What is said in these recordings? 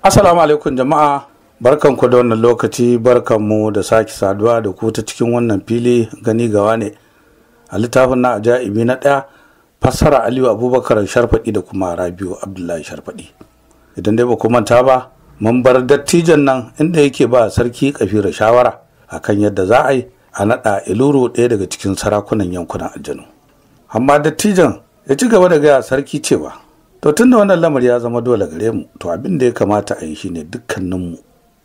Assalamu alaikum jama'a barkanku da wannan lokaci barkanmu da sake saduwa da ku ta cikin wannan fili gani gawa ne a littafin na ajaibi na ɗaya fassara Aliyu Abubakar Sharfaɗi da kuma Rabiu Abdullahi Sharfaɗi. Idan dai ba ku manta ba mun bar dattijan nan inda yake ba sarki kafira shawara akan yadda za a yi a naɗa iluru ɗaya daga cikin sarakunan yankunan aljanu. Amma dattijan ya ci gaba da gaya sarki cewa to tun da wannan lamar ya zama dole gare mu to abin da ya kamata a yi shine dukkaninmu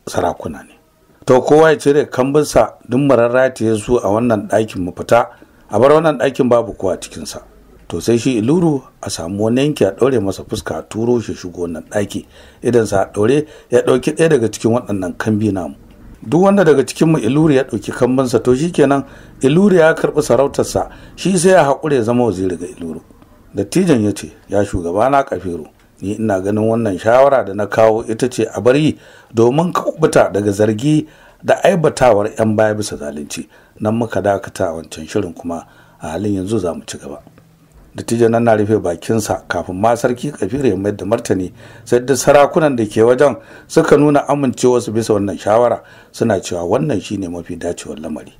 sarakuna ne to kowa ya cire kambinsa duk mararrati ya su a wannan ɗakin mu fita a bar wannan ɗakin babu kowa cikinsa to sai shi iluru a samu wani yanki a ɗaure masa fuska a turo shi shigo wannan ɗaki idan sa a ɗaure ya ɗauki ɗaya daga cikin waɗannan kambi namu duk wanda daga cikin mu iluri ya ɗauki kambinsa to shikenan iluri ya karɓi sarautarsa shi sai ya haƙure zama waziri ga iluru dattijan ya ce ya shugaba na kafiru ni ina ganin wannan shawara da na kawo ita ce a bari domin ka kubuta daga zargi da aibatawar 'yan baya bisa zalunci nan muka dakata wancan shirin kuma a halin yanzu za mu ci gaba dattijan nan na rufe bakinsa kafin ma sarki kafiru ya mayar da martani sai da sarakunan da ke wajen suka nuna amincewa su bisa wannan shawara suna cewa wannan shine mafi dacewar lamari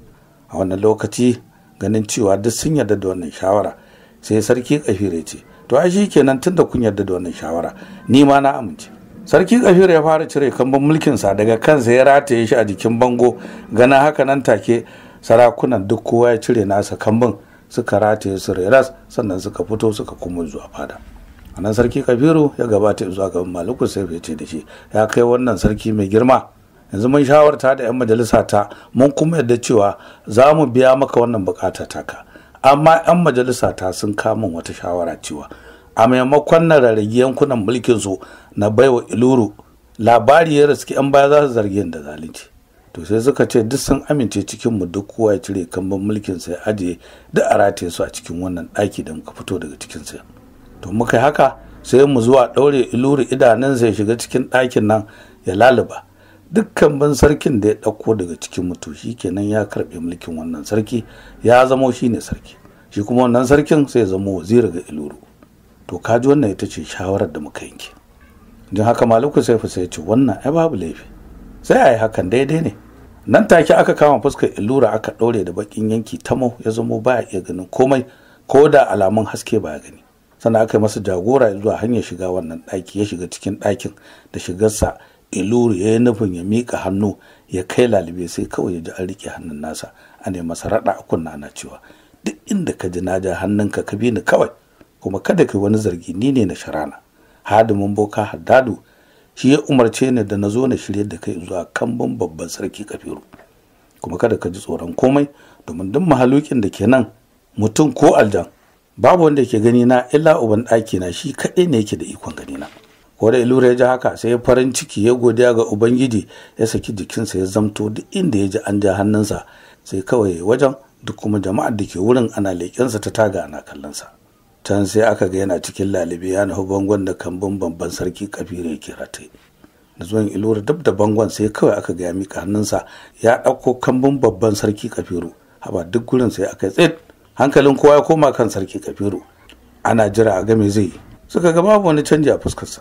a wannan lokaci ganin cewa duk sun yarda da wannan shawara sai sarki kafira ya ce to ai shikenan tunda kun yarda da wannan shawara ni ma na amince sarki kafira ya fara cire kamban mulkin sa daga kansa ya rataye shi a jikin bango ganin haka nan take sarakunan duk kowa ya cire nasa kamban suka rataye su reras sannan suka fito suka kuma zuwa fada anan sarki kafiru ya gabata zuwa gaban maluku sai ya ce da shi ya kai wannan sarki mai girma yanzu mun shawarta da 'yan majalisa ta mun kuma yadda cewa za mu biya maka wannan bukata taka amma 'yan majalisa ta sun kamun wata shawara cewa a maimakon na rarragi yankunan mulkin su na baiwa iluru labari ya riski 'yan baya za su zargi da zalunci to sai suka ce duk sun amince cikin mu duk kowa ya cire kamban mulkin sai aje duk a rataye su a cikin wannan ɗaki da muka fito daga cikin sa to muka haka sai mu zuwa ɗaure iluru idanun sai shiga cikin ɗakin nan ya laluba dukkan ban sarkin da ya ɗauko daga cikin mutu shi kenan ya karɓe mulkin wannan sarki ya zamo shi ne sarki shi kuma wannan sarkin sai ya zamo waziri ga iluru to kaji wannan ita ce shawarar da muka yanke don haka maliku sai fa sai ce wannan ai babu laifi sai a hakan daidai ne nan take aka kama fuskar ilura aka ɗaure da bakin yanki ta tamo ya zamo baya iya ganin komai ko da alamun haske baya gani sannan aka yi masa jagora zuwa hanyar shiga wannan ɗaki ya shiga cikin ɗakin da shigarsa iluru ya yi nufin ya mika hannu ya kai lalibe sai kawai ya ji an rike hannun nasa a ne masa raɗa a kunna na cewa duk inda ka ji na ja hannunka ka bi ni kawai kuma kada ka yi wani zargi ni ne na sharana hadimin boka haddadu shi ya umarce ni da na zo na shirye da kai zuwa kambun babban sarki kafiru kuma kada ka ji tsoron komai domin duk mahalukin da ke nan mutum ko aljan babu wanda ke gani na illa uban ɗaki na shi kaɗai ne yake da ikon gani na da ilura ya ji haka sai ya farin ciki ya godiya ga ubangiji ya saki jikinsa ya zamto duk inda ya ji an ja hannunsa sai kawai wajen duk kuma jama'ar da ke wurin ana leƙensa ta taga ana kallonsa can sai aka ga yana cikin lalibi ya nahu bangon da kambun babban sarki ya yake rataye da zuwan ilura dab da bangon sai kawai aka ga ya miƙa hannunsa ya ɗauko kambun babban sarki kafiru haba duk gurin sai aka tsit hankalin kowa ya koma kan sarki kafiru ana jira a game zai suka ga babu wani canji a fuskarsa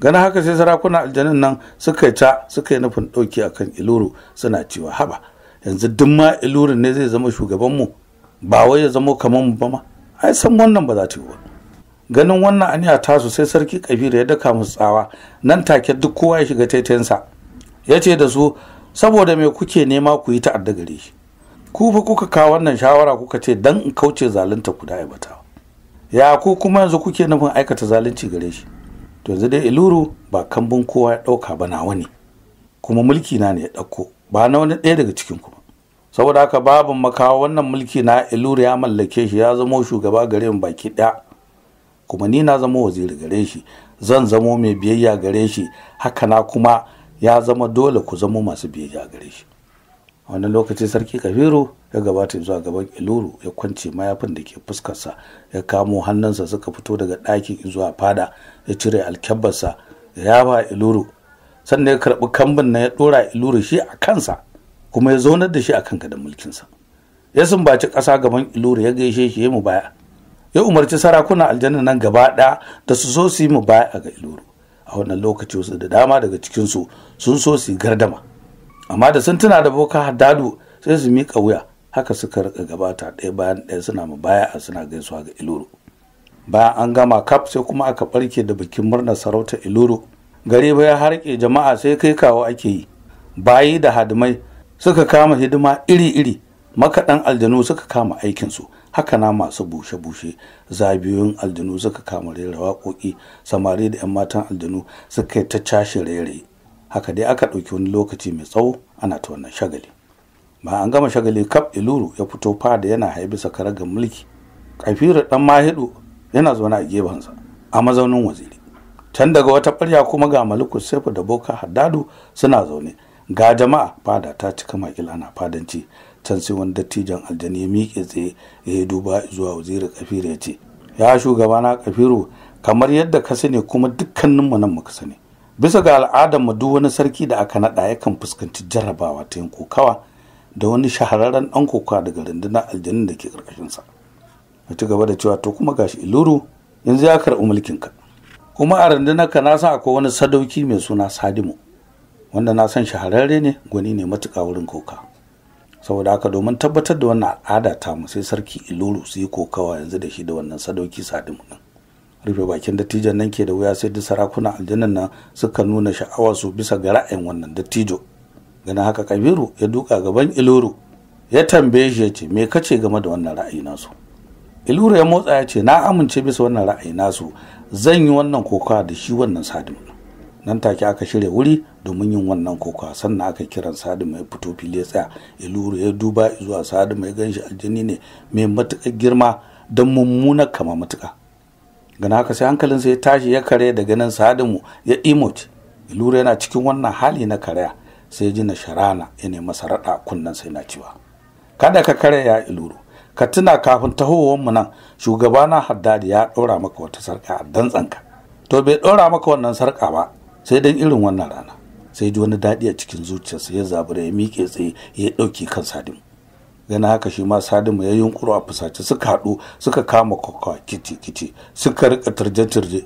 gana haka sai sarakuna aljanin nan suka ta suka yi nufin ɗauki a kan iluru suna cewa haba yanzu duk ma ilurin ne zai zama shugabanmu ba wai ya zama kamar mu ba ma ai san wannan ba za ta yi ba ganin wannan aniya tasu sai sarki kabiru ya daka musu tsawa nan take duk kowa ya shiga taitayinsa ya ce da su saboda me kuke nema ku yi ta'adda gare shi ku fa kuka kawo wannan shawara kuka ce dan in kauce zalunta ku da ya ku kuma yanzu kuke nufin aikata zalunci gare shi to yanzu dai iluru ba kambun kowa ya ɗauka ba nawa ne kuma mulki na ne ya ɗauko ba na wani ɗaya daga cikin ku saboda haka babu makawa wannan mulki na iluru ya mallake shi ya zamo shugaba gare mu baki ɗaya kuma ni na zamo waziri gare shi zan zamo mai biyayya gare shi haka na kuma ya zama dole ku zamo masu biyayya gare shi a wannan lokaci sarki kabiru ya gabata zuwa gaban iluru ya kwance mayafin da ke fuskarsa ya kamo hannunsa suka fito daga ɗakin zuwa fada ya cire alkyabbarsa ya yaba iluru sannan ya karɓi kambin na ya ɗora iluru shi a kansa kuma ya zaunar da shi a kan gadon mulkinsa ya sumbaci ƙasa gaban iluru ya gaishe shi ya mu baya ya umarci sarakuna aljanna nan gaba ɗaya da su so su yi mu baya ga iluru a wannan lokaci wasu da dama daga cikinsu sun so su yi gardama amma da sun tuna da boka haddadu sai su miƙa wuya haka suka rika gabata ɗaya bayan ɗaya suna mu baya a suna gaisuwa ga iloro bayan an gama kaf sai kuma aka ɓarke da bikin murnar sarauta iloro gari ya harke jama'a sai kai kawo ake yi bayi da hadimai suka kama hidima iri-iri makaɗan aljanu suka kama aikinsu haka na masu bushe-bushe zabiyoyin aljanu suka kama rera waƙoƙi samari da 'yan matan aljanu suka yi ta cashe rere haka dai aka ɗauki wani lokaci mai tsawo ana ta wannan shagali ba an gama shagali kaf iluru ya fito fada yana haibi sakarar ga mulki kafiru dan mahidu yana zaune a gefensa a mazaunin waziri can daga wata ɓarya kuma ga maliku sefu da boka haddadu suna zaune ga jama'a fada ta cika makil ana fadanci can sai wani dattijan aljani ya miƙe tsaye ya yi duba zuwa waziri kafiru ya ce ya shugabana kafiru kamar yadda ka sani kuma dukkaninmu nan muka sani bisa ga al'adar mu duk wani sarki da aka naɗa yakan fuskanci jarrabawa ta yin kokawa da wani shahararren ɗan kokawa daga rundunar aljanun da ke ƙarƙashinsa a ci gaba da cewa to kuma gashi iluru yanzu ya karɓi ka kuma a rundunar ka na san akwai wani sadauki mai suna sadimu wanda na san shahararre ne gwani ne matuƙa wurin koka saboda haka domin tabbatar da wannan al'ada ta mu sai sarki iluru su yi kokawa yanzu da shi da wannan sadauki sadimu ɗin rufe bakin dattijan nan ke da wuya sai duk sarakunan aljanan nan suka nuna sha'awa su bisa ga ra'ayin wannan dattijo ganin haka kabiru ya duka gaban iluru ya tambaye shi ya ce me kace game da wannan ra'ayi nasu iluru ya motsa ya ce na amince bisa wannan ra'ayi nasu zan yi wannan kokawa da shi wannan sadim nan take aka shirya wuri domin yin wannan kokawa sannan aka kiran sadim ya fito fili ya tsaya iluru ya duba zuwa sadim ya ganshi aljini ne mai matuƙar girma don mummunar kama matuka. gana haka sai sai ya tashi ya kare da ganin sadimu ya imoce lura yana cikin wannan hali na karya sai ji na sharana ya nemi sarada kunnen sai na cewa kada ka ya iluru ka tuna kafin tahowar mu nan shugabana haddadi ya dora maka wata sarka a dantsanka to bai dora maka wannan sarka ba sai dan irin wannan rana sai ji wani daɗi a cikin zuciyarsa ya zabura ya miƙe tsaye ya ɗauki kan sadimu yana haka shi ma sadimu ya yunkuro a fusace suka haɗu suka kama kwakwa kiti kiti suka rika turje turje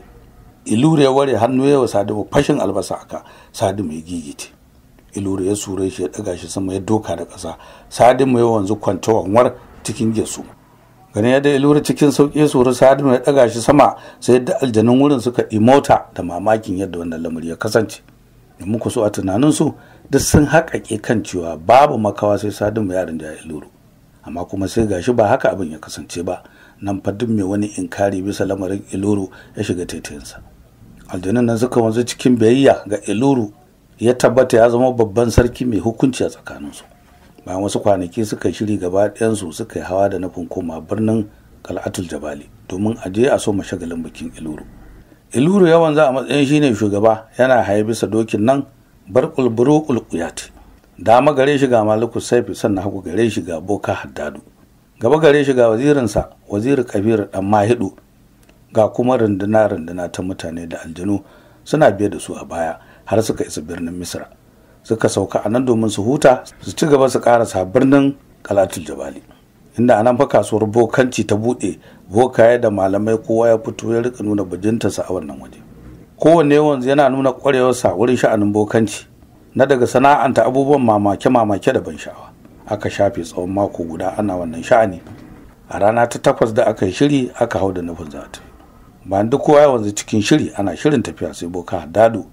ilure ware hannu yawa sadimu fashin albasa aka sadimu ya gigite ilure ya sure shi ya daga shi sama ya doka da ƙasa sadimu ya wanzu kwanta wanwar cikin gesu ganin yadda ilure cikin sauƙi ya sure sadimu ya daga shi sama sai yadda aljanun wurin suka imota da mamakin yadda wannan lamari ya kasance da muku so a tunaninsu duk sun haƙaƙe kan cewa babu makawa sai sadimu yarin da ya iluru amma kuma sai gashi ba haka abin ya kasance ba nan fa duk mai wani inkari bisa lamarin iluru ya shiga taitayinsa aljanun nan suka wanzu cikin biyayya ga iluru ya tabbata ya zama babban sarki mai hukunci a tsakaninsu bayan wasu kwanaki suka shiri gaba ɗayansu suka yi hawa da nufin koma birnin kal'atul jabali domin a je a so mashagalin bikin iluru iluru ya za a matsayin shine shugaba yana haye bisa dokin nan barkul burukul kuyati dama gare shi ga maliku saifi sannan hagu gare shi ga boka haddadu gaba gare shi ga wazirinsa waziri kabiru dan mahidu ga kuma runduna runduna ta mutane da aljanu suna biye da su a baya har suka isa birnin misra suka sauka a nan domin su huta su ci gaba su karasa birnin kalatul jabali inda anan fa kasuwar bokanci ta buɗe bokaye da malamai kowa ya fito ya rika nuna bajintarsa a wannan waje kowanne wanzu yana nuna ƙwarewarsa wurin sha'anin bokanci na daga sana'anta abubuwan mamake-mamake da ban sha'awa aka shafe tsawon mako guda ana wannan sha'ani a rana ta takwas da aka yi shiri aka hau da nufin zata bayan duk kowa wanzu cikin shiri ana shirin tafiya sai boka dadu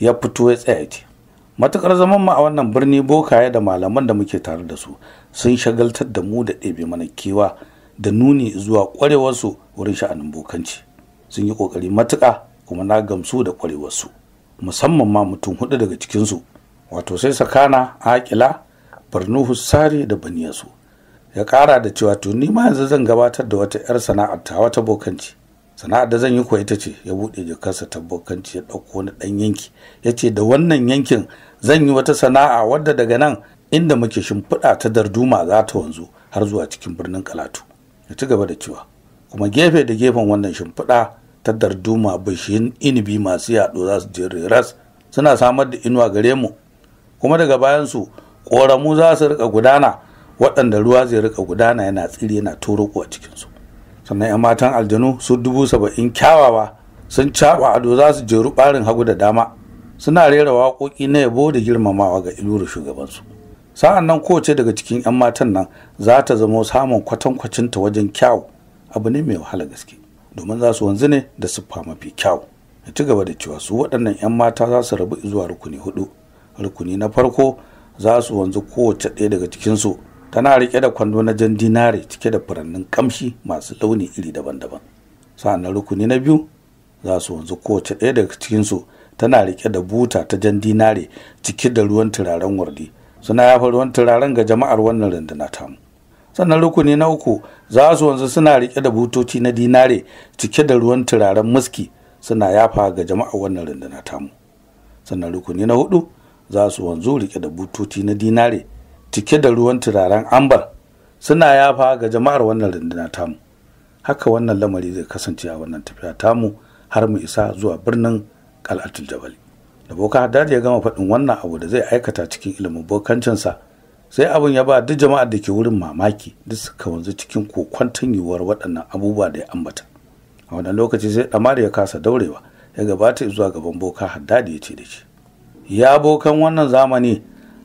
ya fito ya tsaya ce matukar zaman mu a wannan birni ya da malaman da muke tare da su sun shagaltar da mu da ɗebe mana kewa da nuni zuwa ƙwarewarsu wurin sha'anin bokanci sun yi ƙoƙari matuƙa kuma na gamsu da ƙwarewarsu musamman ma mutum hudu daga cikinsu wato sai sakana akila barnu hussari da baniyasu ya kara da cewa to ni ma yanzu zan gabatar da wata 'yar sana'ar ta wata bokanci sana'ar da zan yi kuwa ita ce ya buɗe jakarsa ta bokanci ya ɗauko wani ɗan yanki ya ce da wannan yankin zan yi wata sana'a wadda daga nan inda muke shimfiɗa ta darduma za ta wanzu har zuwa cikin birnin kalatu ya ci gaba da cewa kuma gefe da gefen wannan shimfiɗa ta darduma bishiyun inibi masu yaɗo za su je reras suna samar da inuwa gare mu kuma daga bayan su ƙoramu za su rika gudana waɗanda ruwa zai rika gudana yana tsiri yana toroko a cikinsu sannan 'yan matan aljanu su dubu saba'in kyawawa sun caɓa ado za su jeru ɓarin hagu da dama suna rera waƙoƙi na yabo da girmamawa ga ilura shugabansu sa'an nan kowace daga cikin 'yan matan nan za ta zama samun kwatankwacinta wajen kyawu abu ne mai wahala gaske domin za su wanzu ne da siffa mafi kyau ya ci gaba da cewa su waɗannan 'yan mata za su rabu zuwa rukuni hudu rukuni na farko za su wanzu kowace ɗaya daga cikinsu tana riƙe da kwando na jan dinare cike da furannin kamshi masu launi iri daban-daban sa'an rukuni na biyu za su wanzu kowace ɗaya daga cikinsu tana riƙe da buta ta jan dinare cike da ruwan turaren wardi suna yafa ruwan turaren ga jama'ar wannan runduna tamu sannan rukuni na uku za su wanzu suna rike da butoci na dinare cike da ruwan turaren muski suna yafa ga jama'a wannan runduna tamu sannan rukuni na hudu za su wanzu rike da butoci na dinare cike da ruwan turaren ambar suna yafa ga jama'ar wannan runduna tamu haka wannan lamari zai kasance a wannan tafiya tamu har mu isa zuwa birnin kal'atul jabali da boka haddad ya gama faɗin wannan abu da zai aikata cikin ilimin bokancinsa sai abin ya ba duk jama'ar da ke wurin mamaki duk suka wanzu cikin kokwanton yiwuwar waɗannan abubuwa da ya ambata a wannan lokaci sai damar ya kasa daurewa ya gabata zuwa gaban boka haddadi ya ce da shi ya bokan wannan zamani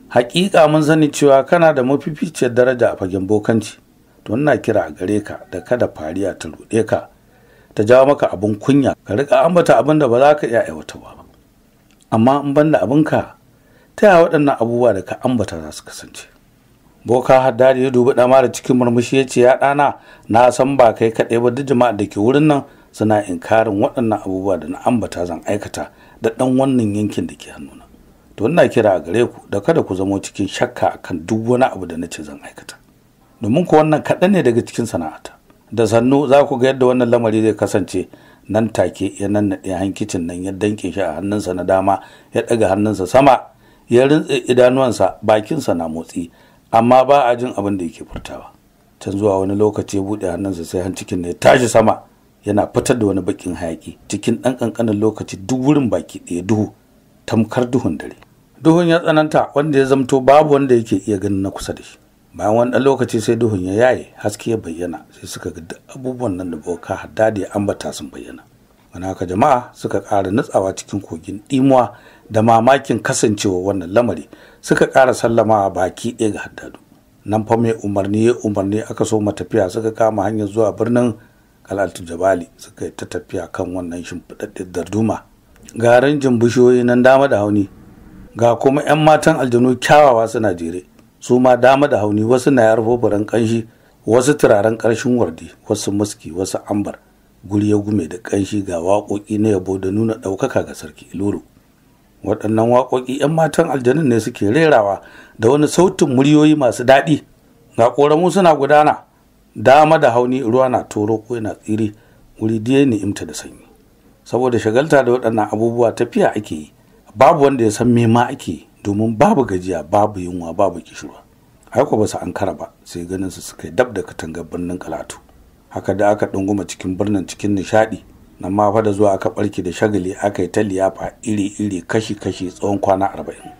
hakika mun sani cewa kana da mafificiyar daraja a fagen bokanci to ina kira a gare ka da kada fariya ta ruɗe ka ta jawo maka abin kunya ka riƙa ambata abin da ba za ka iya aiwatarwa ba amma in banda abinka ta yaya waɗannan abubuwa da ka ambata za su kasance boka haddari ya dubi ɗama da cikin murmushi ya ce ya ɗana na san ba kai kaɗai ba duk jama'a da ke wurin nan suna inkarin waɗannan abubuwa da na ambata zan aikata da ɗan wannan yankin da ke hannuna to ina kira a gare ku da kada ku zamo cikin shakka akan duk wani abu da na ce zan aikata domin ku wannan kaɗan ne daga cikin sana'ata da sannu za ku ga yadda wannan lamari zai kasance nan take ya nannaɗe hankicin nan ya danke shi a hannunsa na dama ya ɗaga hannunsa sama ya rintse idanuwansa bakinsa na motsi amma ba a jin abin da yake furtawa can zuwa wani lokaci ya buɗe hannunsa sai hancikin ne ya tashi sama yana fitar da wani bakin hayaki cikin ɗan ƙanƙanin lokaci duk wurin baki ɗaya duhu tamkar duhun dare duhun ya tsananta wanda ya zamto babu wanda yake iya ganin na kusa da shi bayan wani ɗan lokaci sai duhun ya yaye haske ya bayyana sai suka ga duk abubuwan nan da boka hadda da ya ambata sun bayyana wani haka jama'a suka ƙara nutsawa cikin kogin ɗimuwa da mamakin kasancewa wannan lamari suka kara sallama a baki ɗaya ga haddadu nan fa mai umarni ya umarni aka so tafiya suka kama hanyar zuwa birnin kalaltu jabali suka yi ta tafiya kan wannan shimfiɗaɗɗen darduma ga ranjin bishiyoyi nan dama da hauni ga kuma 'yan matan aljanu kyawawa suna jere su ma dama da hauni wasu na yarfo furen ƙanshi wasu turaren ƙarshen wardi wasu muski wasu ambar guri ya gume da ƙanshi ga waƙoƙi na yabo da nuna ɗaukaka ga sarki iluru waɗannan waƙoƙi 'yan matan aljanun ne suke rerawa da wani sautin muryoyi masu daɗi ga ƙoramu suna gudana dama da hauni ruwa na toro ko yana tsiri wuri diye ni'imta da sanyi saboda shagalta da waɗannan abubuwa tafiya ake yi babu wanda ya san me ma ake domin babu gajiya babu yunwa babu kishirwa aiko ba su ankara ba sai ganin su suka dab da katangar birnin kalatu haka da aka ɗunguma cikin birnin cikin nishaɗi nan ma fa da zuwa aka barki da shagali aka yi ta liyafa iri-iri kashi-kashi tsawon kwana arba'in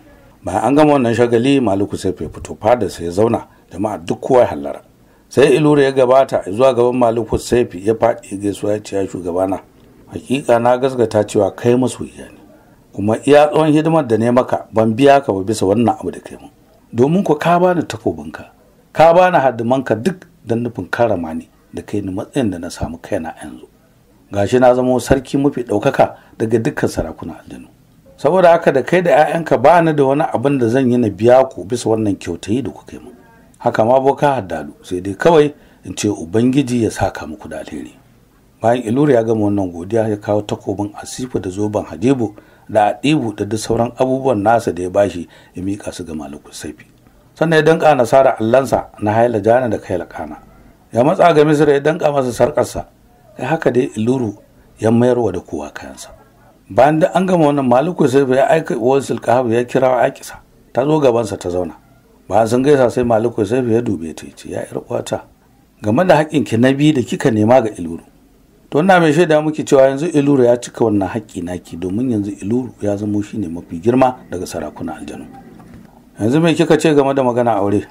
bayan an gama wannan shagali maluku sai fai fito fada sai ya zauna jama'a duk kowa hallara sai ilura ya gabata zuwa gaban maliku saifi ya faɗi gaisuwa ya ce ya shugabana hakika na gasgata cewa kai masu ne kuma iya tsawon hidimar da ne maka ban biya ka ba bisa wannan abu da kai mun domin ku ka bani takobinka ka ka bani haddumanka duk don nufin karama ne da kai ni matsayin da na samu kaina yanzu gashi na zamo sarki mafi ɗaukaka daga dukkan sarakuna aljanu saboda haka da kai da 'ya'yanka ba ni da wani abin da zan yi na biya ku bisa wannan kyautayi da ku kai mu. haka ma boka haddalu sai dai kawai in ce ubangiji ya saka muku da alheri bayan iluri ya gama wannan godiya ya kawo takobin asifu da zoben hadibu da adibu da duk sauran abubuwan nasa da ya bashi ya miƙa su ga malikul saifi sannan ya danka nasara allansa na haila jana da kaila kana ya matsa ga misira ya danka masa sarkarsa ai haka dai iluru ya mayarwa da kowa kayansa bayan da an gama wannan maliku sai ya aika silka kahab ya kira aikisa ta zo gabansa ta zauna bayan sun gaisa sai maliku sai ya dube ta ce ya yar uwata game da haƙƙinki na biyu da kika nema ga iluru to ina mai shaida muke cewa yanzu iluru ya cika wannan haƙƙi naki domin yanzu iluru ya zamo ne mafi girma daga sarakunan aljanu yanzu mai kika ce game da magana aure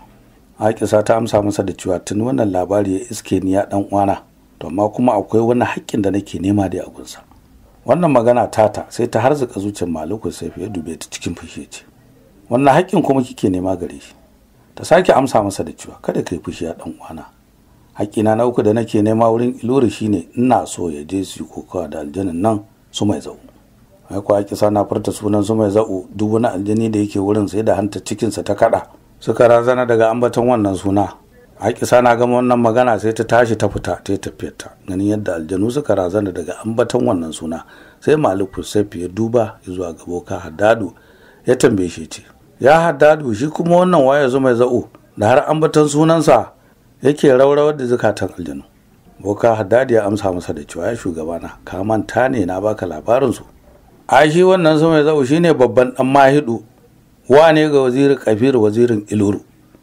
Aƙisa ta amsa masa da cewa tun wannan labari ya iske ni ya ɗan uwana to amma kuma akwai wani haƙƙin da nake nema da agunsa wannan magana tata sai ta harzuka zuciyar maliku sai ya dube ta cikin fushi ce wannan haƙƙin kuma kike nema gare shi ta sake amsa masa da cewa kada kai fushi a dan uwana haƙƙina na uku da nake nema wurin ilori shine ina so ya je su kokawa da aljanin nan su mai zau ai kuwa kisa na furta sunan su mai zau duk wani aljani da yake wurin sai da hanta cikinsa ta kada suka razana daga ambaton wannan suna Akisa na gama wannan magana sai ta tashi ta fita ta tafiyar ta ganin yadda aljanu suka razana daga ambaton wannan suna sai Malik Kusafi ya duba zuwa ga boka Haddadu ya tambaye shi ce ya Haddadu shi kuma wannan waye zuma mai za'u da har ambaton sunansa yake raurawar da zukatan aljanu boka Haddadu ya amsa masa da cewa ya shugabana ka manta ne na baka labarin su shi wannan su mai za'u shine babban dan mahidu wane ga waziri kafir wazirin iluru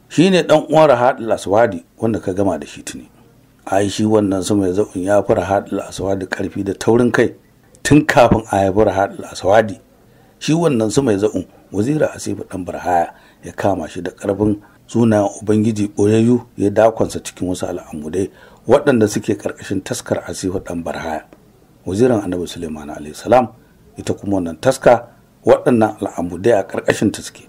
shi ne ɗan uwan Rahad Aswadi wanda ka gama da shi tuni ai shi wannan sama ya zaɓin ya fi Rahad Aswadi ƙarfi da taurin kai tun kafin a haifi Rahad Aswadi shi wannan sama ya zaɓin wazira Asifu ɗan Barhaya ya kama shi da ƙarfin sunayen Ubangiji ɓoyayyu ya dakonsa cikin wasu al'amudai waɗanda suke ƙarƙashin taskar Asifu ɗan Barhaya waziran Annabi Suleiman alayhi salam ita kuma wannan taska waɗannan al'amudai a ƙarƙashin ta suke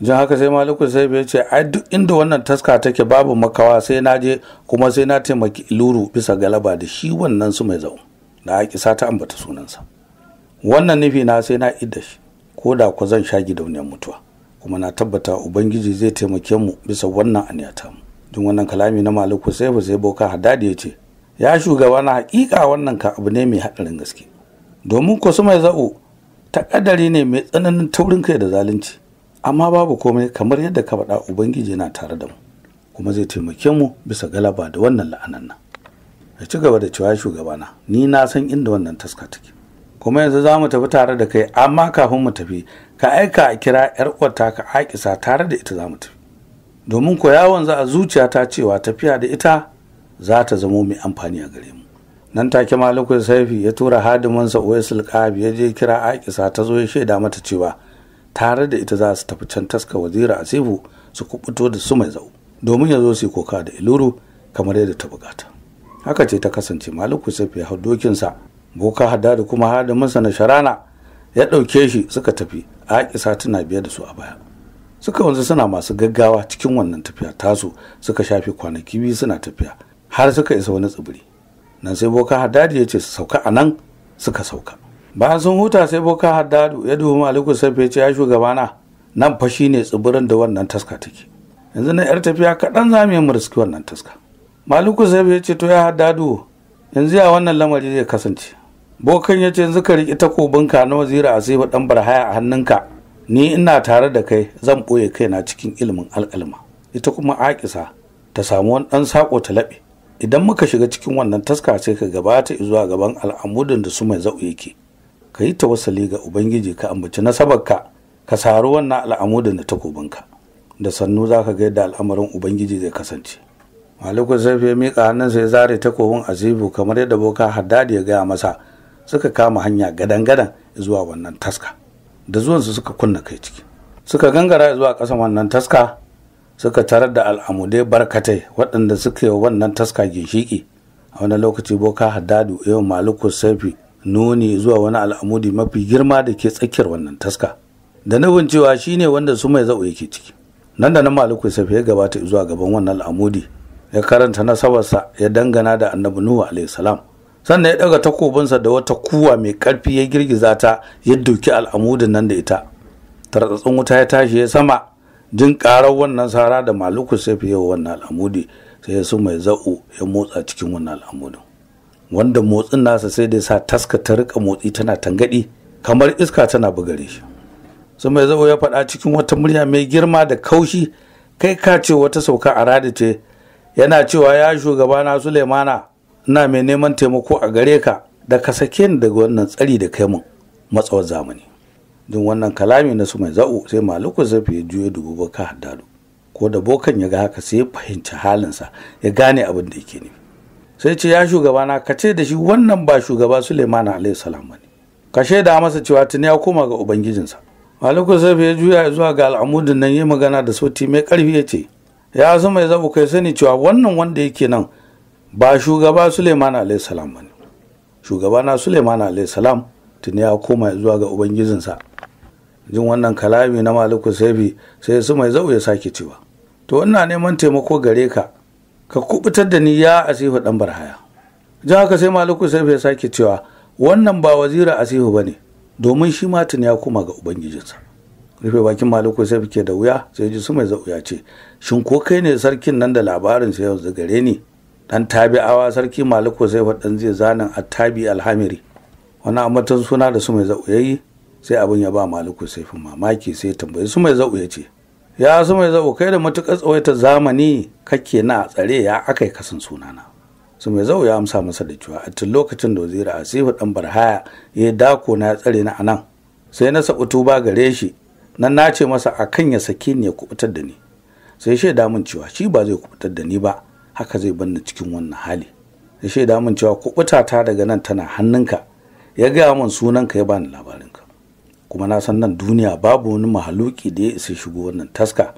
jan haka sai maliku sai ya ce ai duk inda wannan taska take babu makawa sai na je kuma sai na taimaki iluru bisa galaba da shi wannan su mai zaun da aƙisa ta ambata sunansa wannan nufi na sai na idda shi ko da ku zan sha gidauniyar mutuwa kuma na tabbata ubangiji zai taimake mu bisa wannan aniyata mu jin wannan kalami na maliku sai ba sai boka hadadi ya ce ya shugaba na hakika wannan ka abu ne mai haɗarin gaske domin ku su mai za'u ta kadari ne mai tsananin taurin kai da zalunci amma babu komai kamar yadda ka faɗa ubangiji yana tare da mu kuma zai taimake mu bisa galaba da wannan la'anan nan ya ci gaba da cewa shugabana ni na san inda wannan taska take kuma yanzu za mu tafi tare da kai amma kafin mu tafi ka aika a kira yar uwarta ka akisa tare da ita za mu tafi domin ko yawon za a ta cewa tafiya da ita za ta zamo mai amfani a gare mu nan take malikul saifi ya tura hadimansa uwaisul qabi ya je kira akisa ta zo ya shaida mata cewa tare da ita za su tafi can taska wazira asifu su kubuto da su mai zau domin ya zo su koka da iluru kamar yadda ta bukata haka ce ta kasance malik sai ya hau dokinsa boka hada da kuma hada masa na sharana ya dauke shi suka tafi a aƙisa tana biyar da su a baya suka wanzu suna masu gaggawa cikin wannan tafiya tasu suka shafi kwanaki biyu suna tafiya har suka isa wani tsibiri nan sai boka hadari ya ce su sauka a nan suka sauka bayan sun huta sai boka haddadu ya dubi maliku sarfe ce ya shugabana nan fa ne tsibirin da wannan taska take yanzu na yar tafiya kaɗan za mu yi riski wannan taska maliku sarfe ya ce to ya haddadu yanzu ya wannan lamari zai kasance bokan ya ce yanzu ka riƙi takobinka na wazira asifa ɗan barhaya a hannunka ni ina tare da kai zan ɓoye kaina cikin ilimin alƙalma ita kuma aƙisa ta samu wani ɗan saƙo ta laɓe idan muka shiga cikin wannan taska sai ka gabata zuwa gaban al'amudin da su mai zau yake ka yi ta wasali ga ubangiji ka ambaci nasabarka ka sari wannan al'amu da takobinka da sannu za ka ga yadda al'amarin ubangiji zai kasance maliku zafi ya miƙa hannun ya zare takobin azibu kamar yadda boka haddadi ya gaya masa suka kama hanya gadan-gadan zuwa wannan taska da zuwansu suka kunna kai ciki suka gangara zuwa ƙasan wannan taska suka tarar da al'amudai barkatai waɗanda suke wannan taska ginshiƙi a wani lokaci boka haddadu yau maliku safi nuni zuwa wani al'amudi mafi girma da ke tsakiyar wannan taska da nufin cewa shine wanda su mai za'u yake ciki nan da nan ya safe ya gabata zuwa gaban wannan al'amudi ya karanta nasabarsa ya dangana da annabi nuhu alayhi salam sannan ya daga takobinsa da wata kuwa mai karfi ya girgiza ta ya doki al'amudin nan da ita tartsatsin wuta ya tashi ya sama jin karar wannan sara da maluku sai fiye wannan al'amudi sai ya su mai za'u ya motsa cikin wannan al'amudin wanda motsin nasa sai da sa taska ta rika motsi tana tangadi kamar iska tana bugare shi su mai zabo ya faɗa cikin wata murya mai girma da kaushi kai ka ce wata sauka a rada ce yana cewa ya shugaba shugabana sulemana ina mai neman taimako a gare ka da ka sake ni daga wannan tsari da kai mun matsawar zamani Don wannan kalami na su mai za'u sai maluku zafi ya juya dubu baka haddalu ko da bokan ya ga haka sai ya fahimci halinsa ya gane abin da yake nufi sai ce ya shugabana ka ce da shi wannan ba shugaba Suleiman alayhi salam ne ka shaida masa cewa tuni ya koma ga ubangijinsa Maliku Safi ya juya zuwa ga al'amudin nan yi magana da sauti mai karfi ya ce ya zama mai zabu kai sani cewa wannan wanda yake nan ba shugaba Suleiman alayhi salam ne shugabana Suleiman alayhi salam tuni ya koma zuwa ga ubangijinsa jin wannan kalami na Maliku Safi sai su mai zau ya sake cewa to ina neman taimako gare ka ka kubutar da ni ya asihu dan barhaya jan haka sai maliku sai ya sake cewa wannan ba wazira ba bane domin shi tun ya koma ga ubangijinsa rufe bakin maliku sai ke da wuya sai ji su mai ya ce shin ko kai ne sarkin nan da labarin sai yanzu gare ni dan tabi'awa sarki maliku sai dan zai zanen attabi alhamiri wani amatan suna da su mai zau yi sai abin ya ba maliku sai mamaki sai tambayi su mai zauya ce ya su mai zabo kai da matuƙar tsawaita zamani kake na tsare ya aka yi kasan sunana su mai zau ya amsa masa da cewa a tun lokacin da wazira asifu ɗan barhaya ya dako na ya tsare na anan sai na sabu tuba gare shi nan na ce masa a kan ya sake ni ya kubutar da ni sai shaida min cewa shi ba zai kubutar da ni ba haka zai banna cikin wannan hali Ya shaida min cewa kubuta ta daga nan tana hannunka ya gaya min sunanka ya bani labarin kuma na san nan duniya babu wani mahaluki da ya isa shigo wannan taska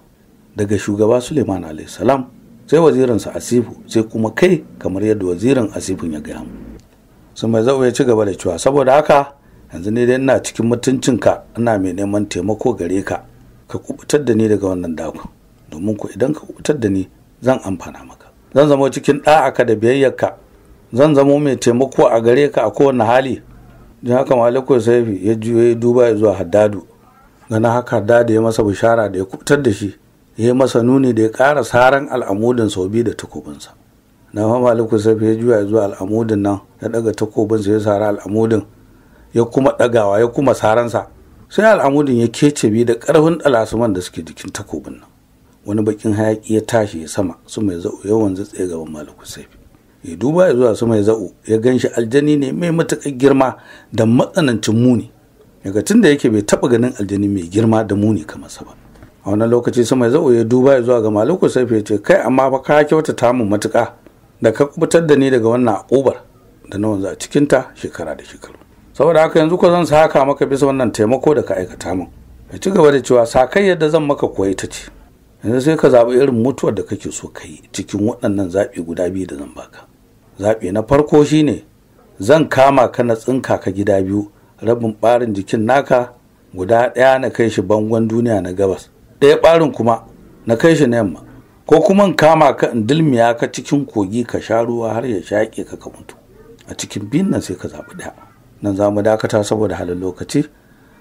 daga shugaba suleiman alayhi salam sai wazirinsa asifu sai kuma kai kamar yadda wazirin asifun ya gaya mu sun mai zau ya ci gaba da cewa saboda haka yanzu ne dai ina cikin mutuncinka ina mai neman taimako gare ka ka kubutar da ni daga wannan dakon domin ku idan ka kubutar da ni zan amfana maka zan zama cikin ɗa'aka da biyayyarka zan zamo mai taimako a gare ka a kowane hali don haka malikul saifi ya juya ya duba ya zuwa haddadu gana haka haddadu ya masa bishara da ya kubutar da shi ya yi masa nuni da ya kara saran al'amudin sau biyu da takobinsa na fa malikul saifi ya juya ya zuwa al'amudin nan ya daga takobinsa ya sara al'amudin ya kuma dagawa ya kuma saransa sai al'amudin ya kece biyu da karfin ɗalasuman da suke jikin takobin nan wani bakin hayaki ya tashi ya sama su mai za'u yawan zatse gaban malikul saifi ya duba ya zuwa sama ya za'u ya gan shi aljani ne mai matuƙar girma da matsanancin muni daga tun da yake bai taɓa ganin aljani mai girma da muni kamar sa ba a wannan lokaci sama ya za'u ya duba ya zuwa ga maluku sai ya ce kai amma fa ka kyauta ta mu matuƙa da ka kubutar da ni daga wannan akubar da na wanzu a ta shekara da shekaru saboda haka yanzu ko zan saka maka bisa wannan taimako da ka aikata min ya ci gaba da cewa sakai yadda zan maka koyi ta ce yanzu sai ka zaɓi irin mutuwar da kake so ka yi cikin waɗannan zaɓi guda biyu da zan baka Zaɓe na farko shine zan kama ka na tsinka ka gida biyu rabin ɓarin jikin naka guda ɗaya na kai shi bangon duniya na gabas ɗaya ɓarin kuma na kai shi na yamma ko kuma in kama ka in dilmiya ka cikin kogi ka sha ruwa har ya shaƙe ka ka mutu a cikin biyun nan sai ka zaɓi ɗaya nan za mu dakata saboda halin lokaci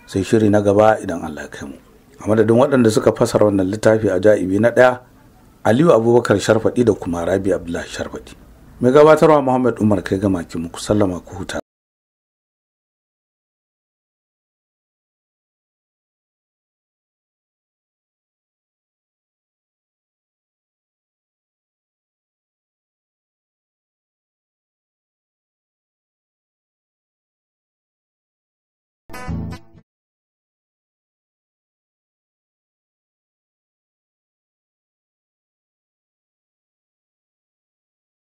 sai shiri na gaba idan Allah ya kai mu a madadin waɗanda suka fasara wannan littafi a ja'ibi na ɗaya aliyu abubakar sharfaɗi da kuma rabi abdullahi sharfaɗi mai gabatarwa muhammad umar kai gama ki muku sallama ku huta